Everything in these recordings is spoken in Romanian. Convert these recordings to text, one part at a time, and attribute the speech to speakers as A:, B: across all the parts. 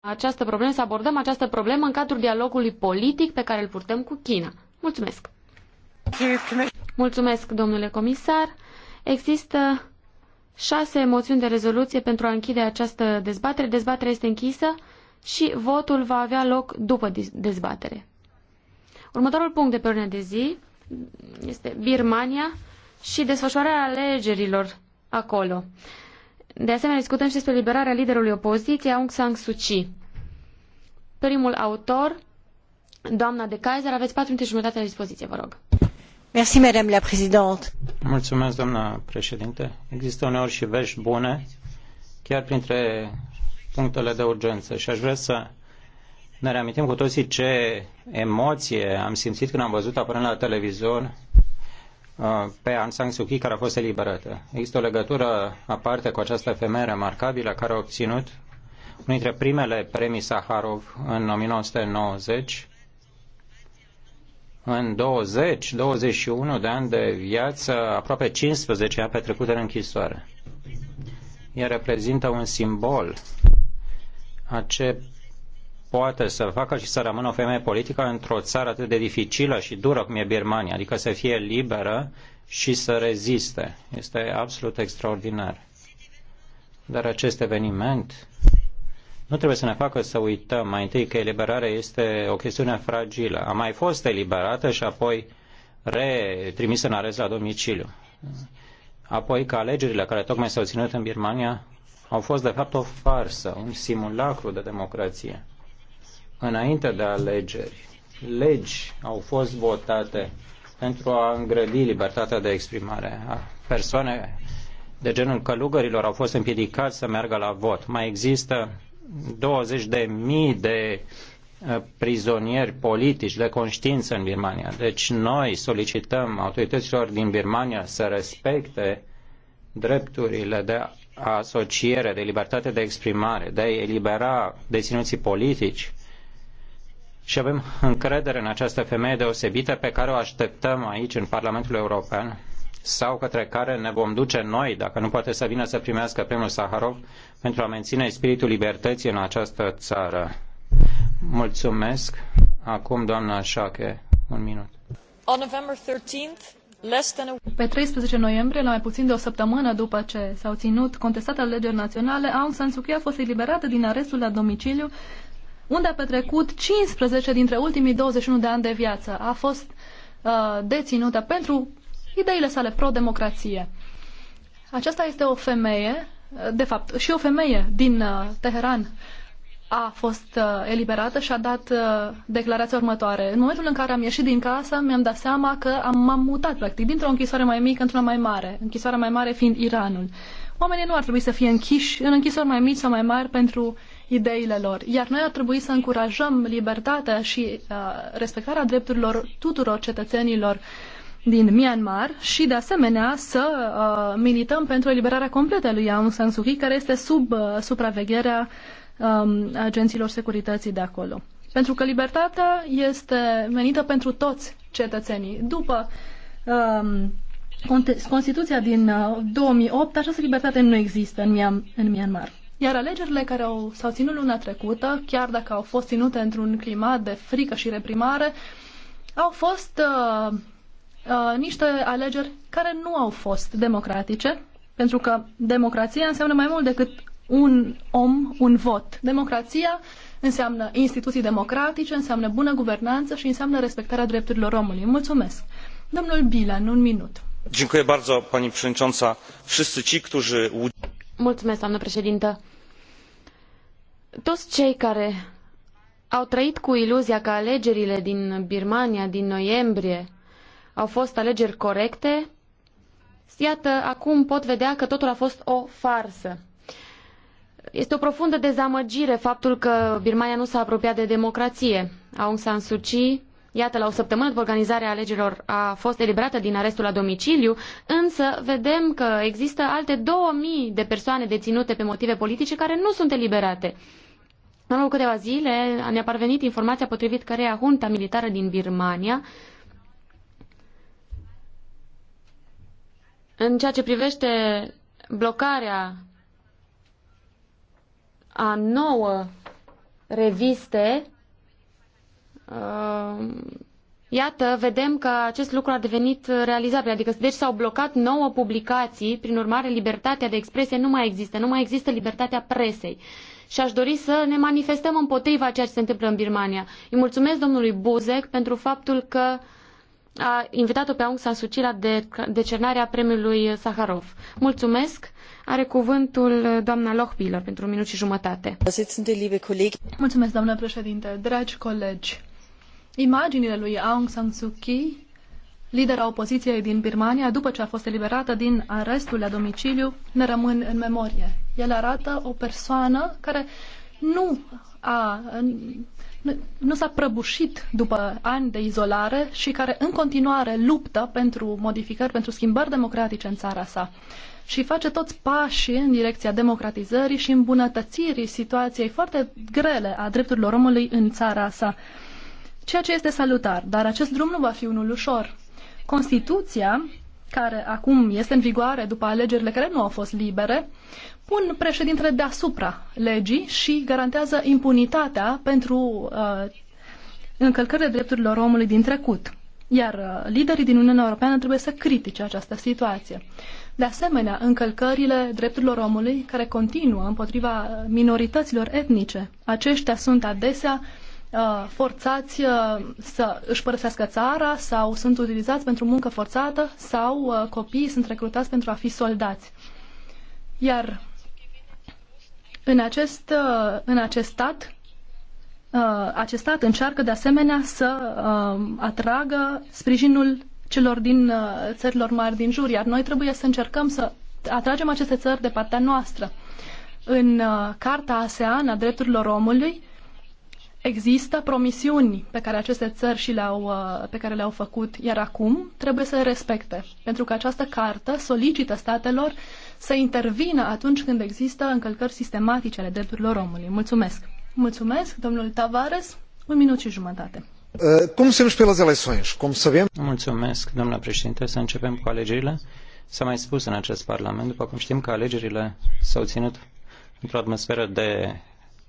A: această problemă, să abordăm această problemă în cadrul dialogului politic pe care îl purtăm cu China. Mulțumesc! Mulțumesc, domnule comisar. Există șase moțiuni de rezoluție pentru a închide această dezbatere. Dezbaterea este închisă și votul va avea loc după dezbatere. Următorul punct de pe ordinea de zi este Birmania și desfășurarea alegerilor acolo. De asemenea, discutăm și despre liberarea liderului opoziției, Aung San Suu Kyi. Primul autor, doamna de Kaiser, aveți patru minute jumătate la dispoziție, vă rog. Merci, madame la présidente.
B: Mulțumesc, doamna președinte. Există uneori și vești bune, chiar printre punctele de urgență și aș vrea să ne reamintim cu toții ce emoție am simțit când am văzut apărând la televizor Uh, pe Aung San Suu Kyi care a fost eliberată. Există o legătură aparte cu această femeie remarcabilă care a obținut unul dintre primele premii Saharov în 1990 în 20, 21 de ani de viață, aproape 15 ani petrecute în închisoare. Ea reprezintă un simbol a ce poate să facă și să rămână o femeie politică într-o țară atât de dificilă și dură cum e Birmania, adică să fie liberă și să reziste. Este absolut extraordinar. Dar acest eveniment nu trebuie să ne facă să uităm mai întâi că eliberarea este o chestiune fragilă. A mai fost eliberată și apoi retrimisă în arest la domiciliu. Apoi că alegerile care tocmai s-au ținut în Birmania au fost de fapt o farsă, un simulacru de democrație înainte de alegeri, legi au fost votate pentru a îngrădi libertatea de exprimare. Persoane de genul călugărilor au fost împiedicați să meargă la vot. Mai există 20 de mii de uh, prizonieri politici de conștiință în Birmania. Deci noi solicităm autorităților din Birmania să respecte drepturile de asociere, de libertate de exprimare, de a elibera deținuții politici și avem încredere în această femeie deosebită pe care o așteptăm aici în Parlamentul European sau către care ne vom duce noi, dacă nu poate să vină să primească premiul Saharov, pentru a menține spiritul libertății în această țară. Mulțumesc. Acum, doamna Șache, un minut.
C: Pe 13 noiembrie, la mai puțin de o săptămână după ce s-au ținut contestate alegeri naționale, Aung San Suu Kyi a fost eliberată din arestul la domiciliu unde a petrecut 15 dintre ultimii 21 de ani de viață. A fost uh, deținută pentru ideile sale pro-democrație. Aceasta este o femeie, uh, de fapt, și o femeie din uh, Teheran a fost uh, eliberată și a dat uh, declarația următoare. În momentul în care am ieșit din casă, mi-am dat seama că am, m-am mutat, practic, dintr-o închisoare mai mică într-una mai mare, închisoarea mai mare fiind Iranul. Oamenii nu ar trebui să fie închiși în închisori mai mici sau mai mari pentru ideile lor. Iar noi ar trebui să încurajăm libertatea și uh, respectarea drepturilor tuturor cetățenilor din Myanmar și, de asemenea, să uh, milităm pentru eliberarea completă lui Aung San Suu Kyi, care este sub uh, supravegherea um, agenților securității de acolo. Pentru că libertatea este menită pentru toți cetățenii. După um, Constituția din 2008, uh, această libertate nu există în, în Myanmar. Iar alegerile care au, s-au ținut luna trecută, chiar dacă au fost ținute într-un climat de frică și reprimare, au fost uh, uh, niște alegeri care nu au fost democratice, pentru că democrația înseamnă mai mult decât un om, un vot. Democrația înseamnă instituții democratice, înseamnă bună guvernanță și înseamnă respectarea drepturilor omului.
A: Mulțumesc. Domnul Bilan, un minut.
B: Dziękuję bardzo, pani przewodnicząca. Wszyscy ci, którzy...
A: Mulțumesc, doamnă președintă. Toți cei care au trăit cu iluzia că alegerile din Birmania din noiembrie au fost alegeri corecte, iată, acum pot vedea că totul a fost o farsă. Este o profundă dezamăgire faptul că Birmania nu s-a apropiat de democrație. Aung San Suu Kyi iată, la o săptămână după organizarea alegerilor a fost eliberată din arestul la domiciliu, însă vedem că există alte 2000 de persoane deținute pe motive politice care nu sunt eliberate. În urmă câteva zile ne-a parvenit informația potrivit căreia junta militară din Birmania în ceea ce privește blocarea a nouă reviste Uh, iată, vedem că acest lucru a devenit realizabil, adică deci s-au blocat nouă publicații, prin urmare libertatea de expresie nu mai există, nu mai există libertatea presei. Și aș dori să ne manifestăm împotriva ceea ce se întâmplă în Birmania. Îi mulțumesc domnului Buzek pentru faptul că a invitat-o pe Aung San Suu Kyi la decernarea premiului Saharov. Mulțumesc! Are cuvântul doamna Lochbiller pentru un minut și jumătate.
C: Mulțumesc, doamnă președinte, dragi colegi! imaginile lui Aung San Suu Kyi, lidera opoziției din Birmania, după ce a fost eliberată din arestul la domiciliu, ne rămân în memorie. El arată o persoană care nu a, nu, s-a prăbușit după ani de izolare și care în continuare luptă pentru modificări, pentru schimbări democratice în țara sa și face toți pașii în direcția democratizării și îmbunătățirii situației foarte grele a drepturilor omului în țara sa ceea ce este salutar, dar acest drum nu va fi unul ușor. Constituția, care acum este în vigoare după alegerile care nu au fost libere, pun președintele deasupra legii și garantează impunitatea pentru uh, încălcările drepturilor omului din trecut. Iar uh, liderii din Uniunea Europeană trebuie să critique această situație. De asemenea, încălcările drepturilor omului care continuă împotriva minorităților etnice. Aceștia sunt adesea uh, Uh, forțați uh, să își părăsească țara sau sunt utilizați pentru muncă forțată sau uh, copiii sunt recrutați pentru a fi soldați. Iar în acest, în acest stat, acest stat încearcă de asemenea să atragă sprijinul celor din țărilor mari din jur, iar noi trebuie să încercăm să atragem aceste țări de partea noastră. În Carta ASEAN a drepturilor omului, Există promisiuni pe care aceste țări și le-au, uh, pe care le-au făcut, iar acum trebuie să le respecte, pentru că această cartă solicită statelor să intervină atunci când există încălcări sistematice ale drepturilor omului. Mulțumesc! Mulțumesc, domnul Tavares, un minut și jumătate.
B: Uh, cum se pe las Cum să vedem. Mulțumesc, domnule președinte, să începem cu alegerile. S-a mai spus în acest Parlament, după cum știm, că alegerile s-au ținut într-o atmosferă de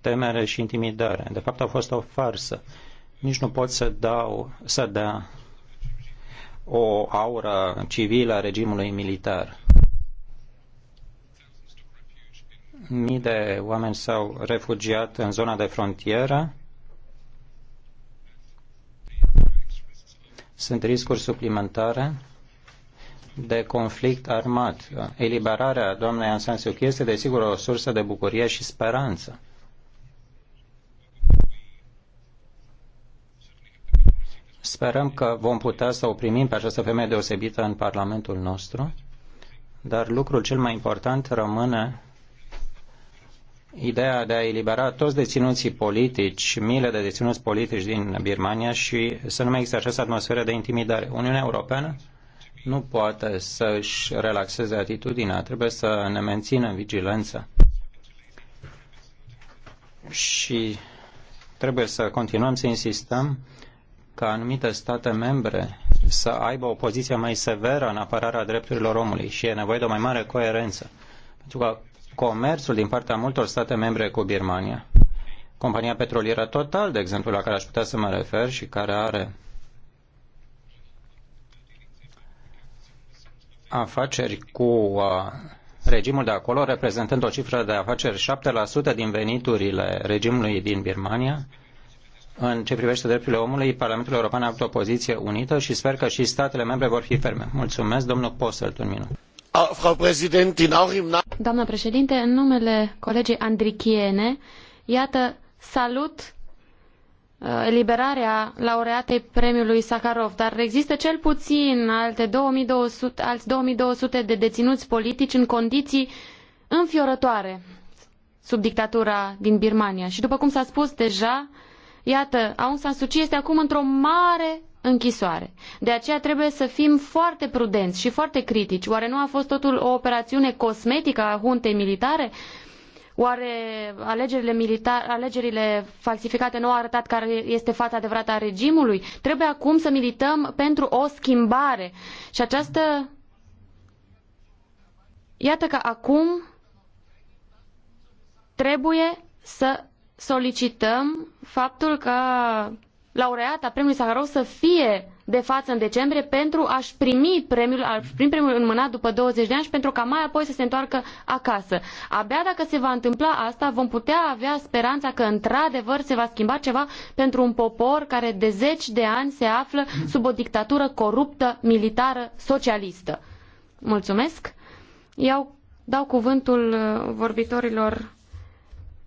B: temere și intimidare. De fapt, a fost o farsă. Nici nu pot să dau, să dea o aură civilă a regimului militar. Mii de oameni s-au refugiat în zona de frontieră. Sunt riscuri suplimentare de conflict armat. Eliberarea doamnei Ansan Suu Kyi este, desigur, o sursă de bucurie și speranță. Sperăm că vom putea să o primim pe această femeie deosebită în Parlamentul nostru, dar lucrul cel mai important rămâne ideea de a elibera toți deținuții politici, miile de deținuți politici din Birmania și să nu mai există această atmosferă de intimidare. Uniunea Europeană nu poate să își relaxeze atitudinea, trebuie să ne mențină vigilență și trebuie să continuăm să insistăm ca anumite state membre să aibă o poziție mai severă în apărarea drepturilor omului și e nevoie de o mai mare coerență. Pentru că comerțul din partea multor state membre cu Birmania, compania petrolieră Total, de exemplu, la care aș putea să mă refer și care are afaceri cu uh, regimul de acolo, reprezentând o cifră de afaceri 7% din veniturile regimului din Birmania, în ce privește drepturile omului, Parlamentul European a avut o poziție unită și sper că și statele membre vor fi ferme. Mulțumesc, domnul Postelt, un minut.
A: Doamnă președinte, în numele colegii Andrichiene, iată, salut uh, eliberarea laureatei premiului Sakharov, dar există cel puțin alte 2200, alți 2200 de deținuți politici în condiții înfiorătoare sub dictatura din Birmania. Și după cum s-a spus deja, Iată, Aung San Suu Kyi este acum într-o mare închisoare. De aceea trebuie să fim foarte prudenți și foarte critici. Oare nu a fost totul o operațiune cosmetică a huntei militare? Oare alegerile, militar, alegerile falsificate nu au arătat care este fața adevărată a regimului? Trebuie acum să milităm pentru o schimbare. Și această... Iată că acum trebuie să solicităm faptul ca laureata premiului Saharov să fie de față în decembrie pentru a-și primi premiul, a primi premiul înmânat după 20 de ani și pentru ca mai apoi să se întoarcă acasă. Abia dacă se va întâmpla asta, vom putea avea speranța că într-adevăr se va schimba ceva pentru un popor care de zeci de ani se află sub o dictatură coruptă, militară, socialistă. Mulțumesc. Iau, dau cuvântul uh, vorbitorilor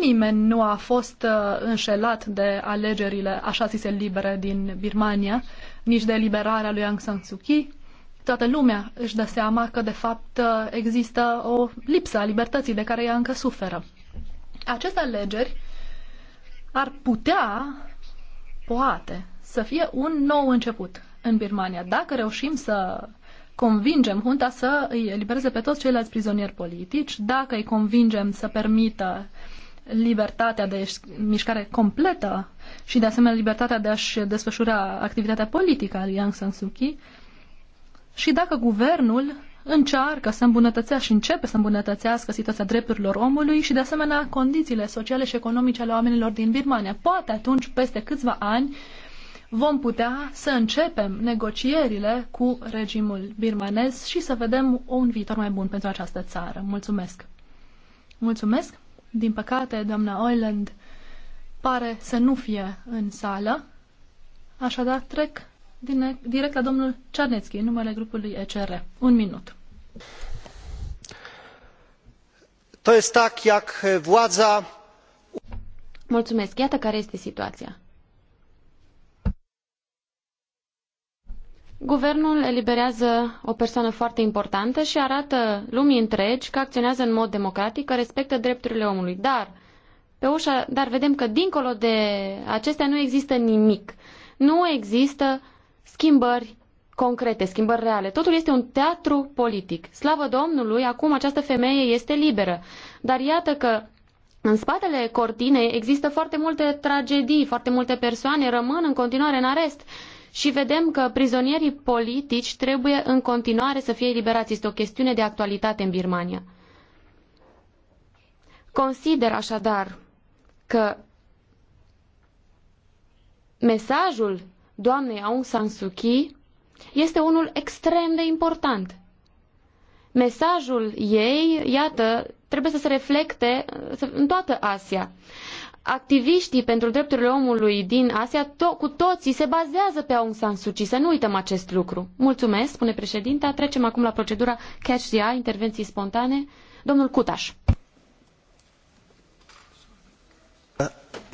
C: Nimeni nu a fost uh, înșelat de alegerile așa zise libere din Birmania, nici de eliberarea lui Aung San Suu Kyi. Toată lumea își dă seama că, de fapt, uh, există o lipsă a libertății de care ea încă suferă. Aceste alegeri ar putea, poate, să fie un nou început în Birmania. Dacă reușim să convingem Hunta să îi elibereze pe toți ceilalți prizonieri politici, dacă îi convingem să permită uh, libertatea de mișcare completă și, de asemenea, libertatea de a-și desfășura activitatea politică a lui Aung San Suu Kyi și dacă guvernul încearcă să îmbunătățească și începe să îmbunătățească situația drepturilor omului și, de asemenea, condițiile sociale și economice ale oamenilor din Birmania. Poate atunci, peste câțiva ani, vom putea să începem negocierile cu regimul birmanez și să vedem un viitor mai bun pentru această țară. Mulțumesc! Mulțumesc! Din păcate, doamna Oiland pare să nu fie în sală, așadar trec din, direct la domnul Cernetski, numele grupului ECR. Un minut.
D: To jest tak, jak władza...
A: Mulțumesc. Iată care este situația. Guvernul eliberează o persoană foarte importantă și arată lumii întregi că acționează în mod democratic, că respectă drepturile omului. Dar, pe ușa, dar vedem că dincolo de acestea nu există nimic. Nu există schimbări concrete, schimbări reale. Totul este un teatru politic. Slavă Domnului, acum această femeie este liberă. Dar iată că în spatele cortinei există foarte multe tragedii, foarte multe persoane rămân în continuare în arest și vedem că prizonierii politici trebuie în continuare să fie eliberați. Este o chestiune de actualitate în Birmania. Consider așadar că mesajul doamnei Aung San Suu Kyi este unul extrem de important. Mesajul ei, iată, trebuie să se reflecte în toată Asia activiștii pentru drepturile omului din Asia to- cu toții se bazează pe Aung San Suu Kyi. Să nu uităm acest lucru. Mulțumesc, spune președinta. Trecem acum la procedura catch the eye, intervenții spontane. Domnul Cutaș.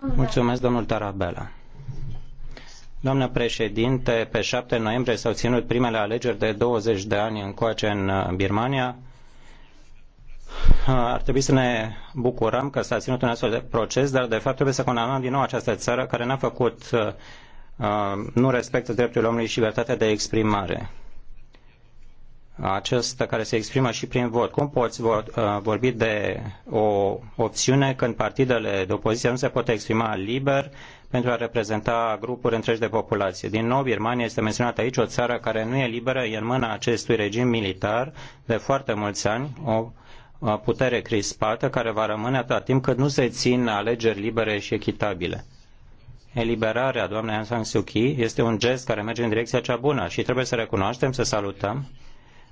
B: Mulțumesc, Tarabella. Doamnă președinte, pe 7 noiembrie s-au ținut primele alegeri de 20 de ani încoace în uh, Birmania. Uh, ar trebui să ne bucurăm că s-a ținut un astfel de proces, dar de fapt trebuie să condamnăm din nou această țară care n-a făcut, uh, nu respectă drepturile omului și libertatea de exprimare aceasta care se exprimă și prin vot. Cum poți uh, vorbi de o opțiune când partidele de opoziție nu se pot exprima liber pentru a reprezenta grupuri întregi de populație? Din nou, Birmania este menționată aici, o țară care nu e liberă, e în mâna acestui regim militar de foarte mulți ani, o putere crispată care va rămâne atâta timp cât nu se țin alegeri libere și echitabile eliberarea doamnei Aung San Suu Kyi este un gest care merge în direcția cea bună și trebuie să recunoaștem, să salutăm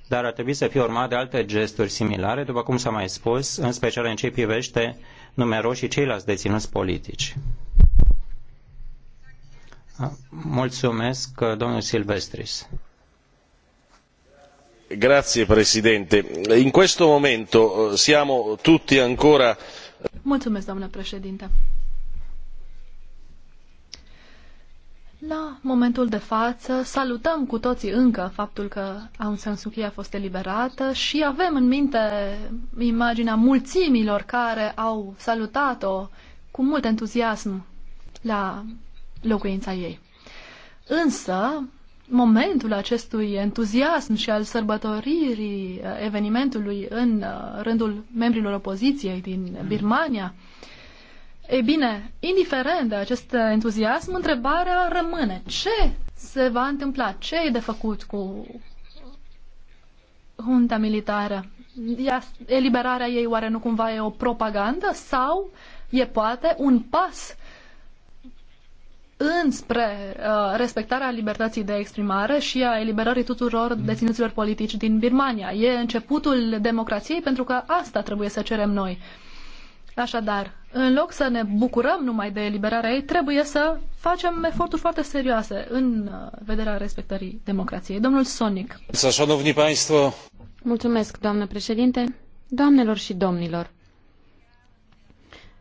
B: dar ar trebui să fie urmat de alte gesturi similare, după cum s-a mai spus, în special în ce privește numeroșii ceilalți deținuți politici. Mulțumesc, domnul Silvestris.
E: Grazie, Presidente. In questo momento eh, siamo tutti ancora...
C: Mulțumesc, domnule președinte. La momentul de față salutăm cu toții încă faptul că Aung San Suu Kyi a fost eliberată și avem în minte imaginea mulțimilor care au salutat-o cu mult entuziasm la locuința ei. Însă, momentul acestui entuziasm și al sărbătoririi uh, evenimentului în uh, rândul membrilor opoziției din Birmania, mm ei bine, indiferent de acest entuziasm, întrebarea rămâne. Ce se va întâmpla? Ce e de făcut cu junta militară? eliberarea ei oare nu cumva e o propagandă sau e poate un pas înspre uh, respectarea libertății de exprimare și a eliberării tuturor deținuților politici din Birmania. E începutul democrației pentru că asta trebuie să cerem noi. Uh, Așadar, în loc să ne bucurăm numai de eliberarea ei, trebuie să facem eforturi foarte serioase în uh, vederea respectării democrației.
A: Domnul Sonic. Mulțumesc, doamnă președinte, doamnelor și domnilor.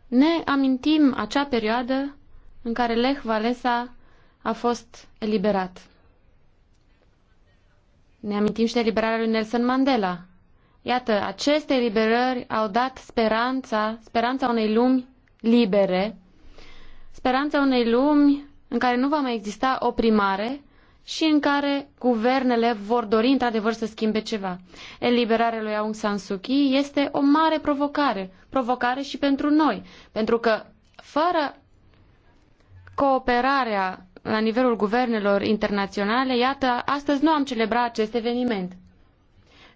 A: Ne amintim acea perioadă în care Lech Walesa a fost eliberat. Ne amintim și de eliberarea lui Nelson Mandela, Iată, aceste liberări au dat speranța, speranța unei lumi libere, speranța unei lumi în care nu va mai exista oprimare și în care guvernele vor dori într-adevăr să schimbe ceva. Eliberarea lui Aung San Suu Kyi este o mare provocare, provocare și pentru noi, pentru că fără cooperarea la nivelul guvernelor internaționale, iată, astăzi nu am celebrat acest eveniment.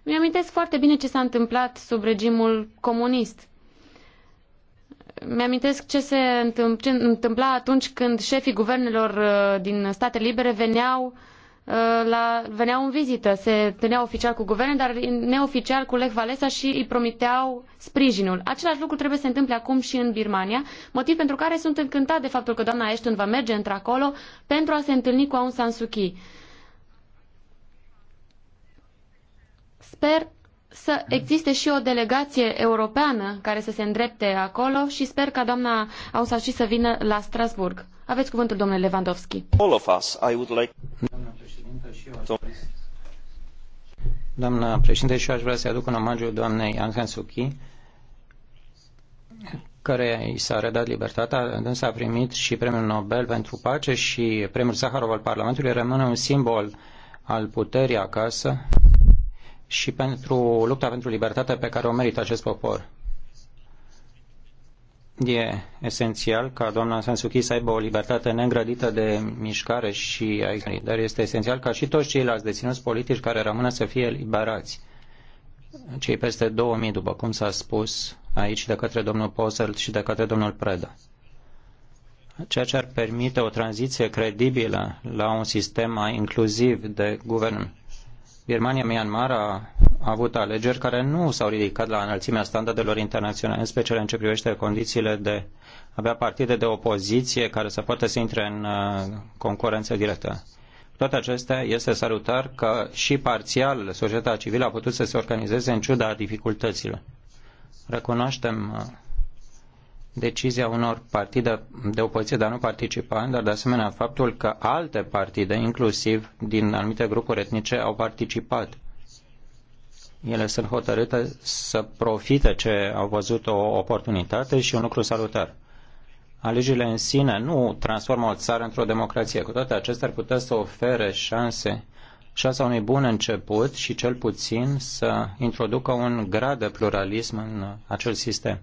A: Îmi amintesc foarte bine ce s-a întâmplat sub regimul comunist. Mi-amintesc ce se întâmpla atunci când șefii guvernelor uh, din state libere veneau uh, la, veneau în vizită, se întâlneau oficial cu guverne, dar neoficial cu Lech Walesa și îi promiteau sprijinul. Același lucru trebuie să se întâmple acum și în Birmania, motiv pentru care sunt încântat de faptul că doamna Ashton va merge într-acolo pentru a se întâlni cu Aung San Suu Kyi. Sper să existe și o delegație europeană care să se îndrepte acolo și sper ca doamna și să vină la Strasbourg. Aveți cuvântul, domnule Lewandowski. All of us, I would like...
B: Doamna eu președinte, și eu aș vrea să aduc un omagiu doamnei Aung San Suu Kyi, care i s-a redat libertatea, însă a primit și premiul Nobel pentru pace și premiul Saharov al Parlamentului rămâne un simbol al puterii acasă, și pentru lupta pentru libertate pe care o merită acest popor. E esențial ca doamna Kyi să aibă o libertate neîngrădită de mișcare și aici, dar este esențial ca și toți ceilalți deținuți politici care rămână să fie liberați. Cei peste 2000, după cum s-a spus aici de către domnul Posselt și de către domnul Preda ceea ce ar permite o tranziție credibilă la un sistem mai inclusiv de guvern Birmania-Myanmar a avut alegeri care nu s-au ridicat la înălțimea standardelor internaționale, în special în ce privește condițiile de a avea partide de opoziție care să poată să intre în uh, concurență directă. Toate acestea este salutar că și parțial societatea civilă a putut să se organizeze în ciuda dificultăților. Recunoaștem uh, decizia unor partide de opoziție de a nu participa, dar de asemenea faptul că alte partide, inclusiv din anumite grupuri etnice, au participat. Ele sunt hotărâte să profite ce au văzut o oportunitate și un lucru salutar. Alegerile în sine nu transformă o țară într-o democrație. Cu toate acestea ar putea să ofere șanse șansa unui bun început și cel puțin să introducă un grad de pluralism în acel sistem.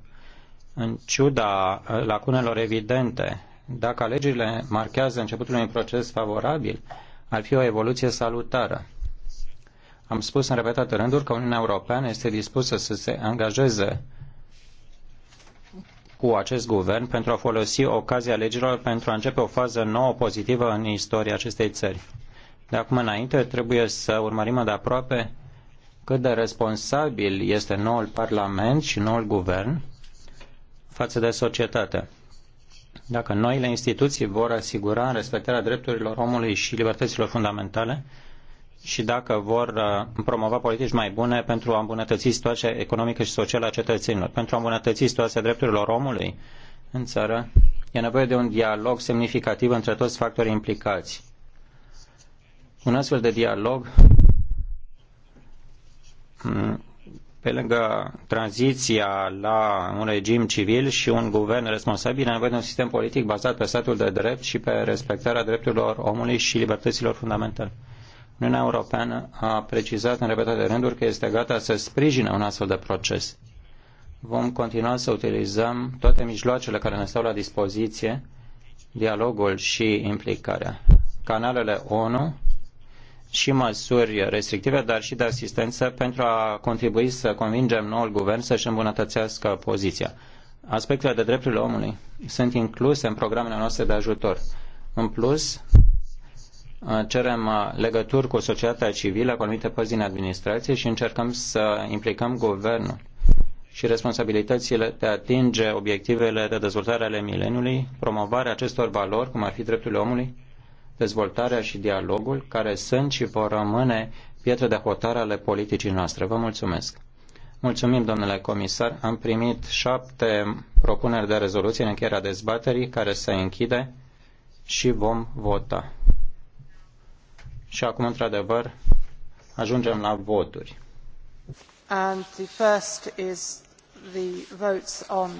B: În ciuda uh, lacunelor evidente, dacă alegerile marchează începutul unui proces favorabil, ar fi o evoluție salutară. Am spus în repetate rânduri că Uniunea Europeană este dispusă să se angajeze cu acest guvern pentru a folosi ocazia alegerilor pentru a începe o fază nouă pozitivă în istoria acestei țări. De acum înainte trebuie să urmărim de aproape cât de responsabil este noul Parlament și noul guvern față de societate. Dacă noile instituții vor asigura respectarea drepturilor omului și libertăților fundamentale și dacă vor uh, promova politici mai bune pentru a îmbunătăți situația economică și socială a cetățenilor, pentru a îmbunătăți situația drepturilor omului în țară, e nevoie de un dialog semnificativ între toți factorii implicați. Un astfel de dialog pe lângă tranziția la un regim civil și un guvern responsabil, e nevoie de un sistem politic bazat pe statul de drept și pe respectarea drepturilor omului și libertăților fundamentale. Uniunea Europeană a precizat în repetate rânduri că este gata să sprijine un astfel de proces. Vom continua să utilizăm toate mijloacele care ne stau la dispoziție, dialogul și implicarea. Canalele ONU și măsuri restrictive, dar și de asistență pentru a contribui să convingem noul guvern să-și îmbunătățească poziția. Aspectele de drepturile omului sunt incluse în programele noastre de ajutor. În plus, cerem legături cu societatea civilă, cu anumite părți din administrație și încercăm să implicăm guvernul și responsabilitățile de a atinge obiectivele de dezvoltare ale mileniului, promovarea acestor valori, cum ar fi drepturile omului, dezvoltarea și dialogul, care sunt și vor rămâne pietre de hotare ale politicii noastre. Vă mulțumesc! Mulțumim, domnule comisar. Am primit șapte propuneri de rezoluție în încheierea dezbaterii, care se închide și vom vota. Și acum, într-adevăr, ajungem la voturi.
D: And the first is the votes on...